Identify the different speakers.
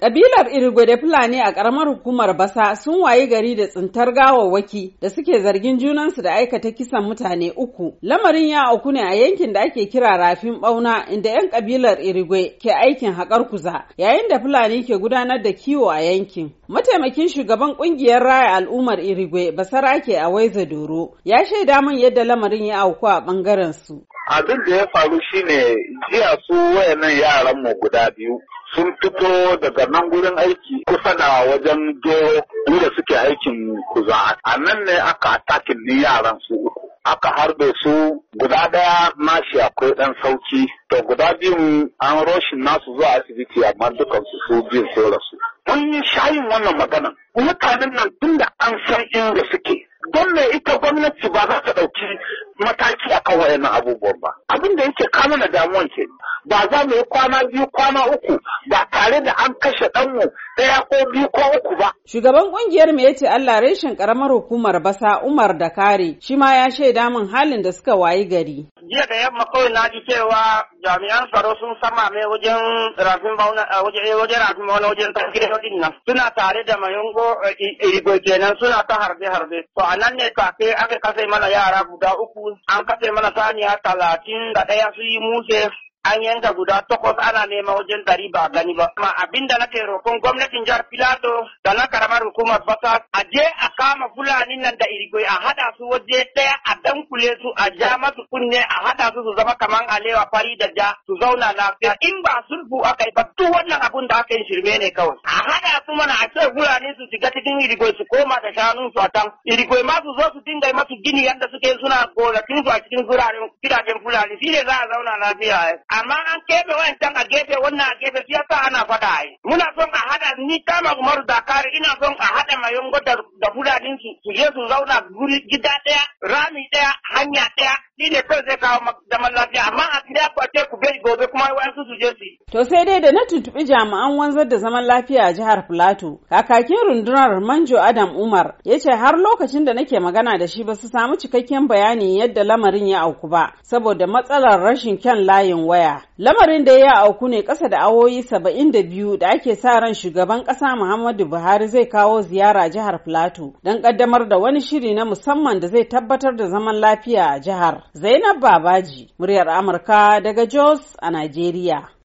Speaker 1: Kabilar Irigwe Fulani a ƙaramar hukumar Basa sun wayi gari da tsintar gawawwaki da suke zargin junansu da aikata kisan mutane uku. Lamarin ya auku ne a yankin da ake kira Rafin ɓauna inda 'yan kabilar Irigwe ke aikin haƙar kuza yayin da Fulani ke gudanar da kiwo a yankin. Mataimakin shugaban ƙungiyar raya al'ummar Irigwe basara ke a Waiza Doro ya shaida min yadda lamarin ya auku a ɓangaren su. abin da
Speaker 2: ya faru shine jiya su wayannan yaran mu guda biyu sun fito daga nan gurin aiki kusa da wajen gero inda suke aikin kuza a nan ne aka atakin ni yaran su uku aka harbe su guda daya nashi akwai dan sauki to guda biyun an roshi nasu zuwa asibiti amma dukan su su biyun sai rasu mun yi shayin wannan maganan mutanen nan tunda an san inda suke don me ita gwamnati ba za ta ɗauki mataki akan wayannan abubuwan ba abin da
Speaker 1: yake kama na damuwan ke ba za mu yi kwana biyu kwana uku ba tare da an kashe ɗanmu ɗaya ko biyu ko uku ba. Shugaban ƙungiyar mu ya ce Allah reshen ƙaramar hukumar basa Umar da kare shi ma ya shaida min halin da suka wayi gari. jiya da
Speaker 3: yamma kawai na ji cewa jami'an tsaro sun sama mai wajen rafin bauna eh, wajen eh, wajen rafin bauna wajen nan suna tare da mayungo eh, irigo kenan suna ta harbe harbe to a nan ne kafe aka kase mana yara guda uku an kase mana saniya talatin da ɗaya su yi muse an yanka guda takwas ana neman wajen dari ba gani ba. Amma abinda nake roƙon gwamnatin jihar Filato da na karamar hukumar Basa a je a kama Fulani nan da irigoi a haɗa su waje ɗaya a dankule su a ja masu kunne a haɗa su su zama kaman alewa fari da ja su zauna lafiya. In ba sulfu aka yi ba duk wannan abun da aka yi shirme ne kawai. A haɗa su mana a ce Fulani su shiga cikin irigoi su koma da shanun su a can. Irigoi ma su zo su dinga masu gini yadda suke suna gonakin su a cikin zuraren gidajen Fulani shi ne za a zauna lafiya. amma an keɓe wayancan a gefe wannan a gefe shi yasa ana fada faɗa ai muna son a haɗa ni kama umaru dakar ina son a haɗa mayongo da fulanin su su je zauna guri gida ɗaya rami ɗaya hanya ɗaya ni ne kawai zai kawo zaman lafiya amma a gida ku ce ku bai gobe kuma su su je su yi.
Speaker 1: To sai dai da na tuntuɓi jami'an wanzar da zaman lafiya a jihar Filato, kakakin rundunar Manjo Adam Umar ya ce har lokacin da nake magana da shi ba su samu cikakken bayani yadda lamarin ya auku ba saboda matsalar rashin kyan layin waya. Lamarin da ya auku ne ƙasa da awoyi saba'in da biyu da ake sa ran shugaban ƙasa Muhammadu Buhari zai kawo ziyara jihar Filato don ƙaddamar da wani shiri na musamman da zai tabbatar da zaman lafiya a jihar. Zainab Babaji, muryar Amurka daga Jos a Najeriya. yeah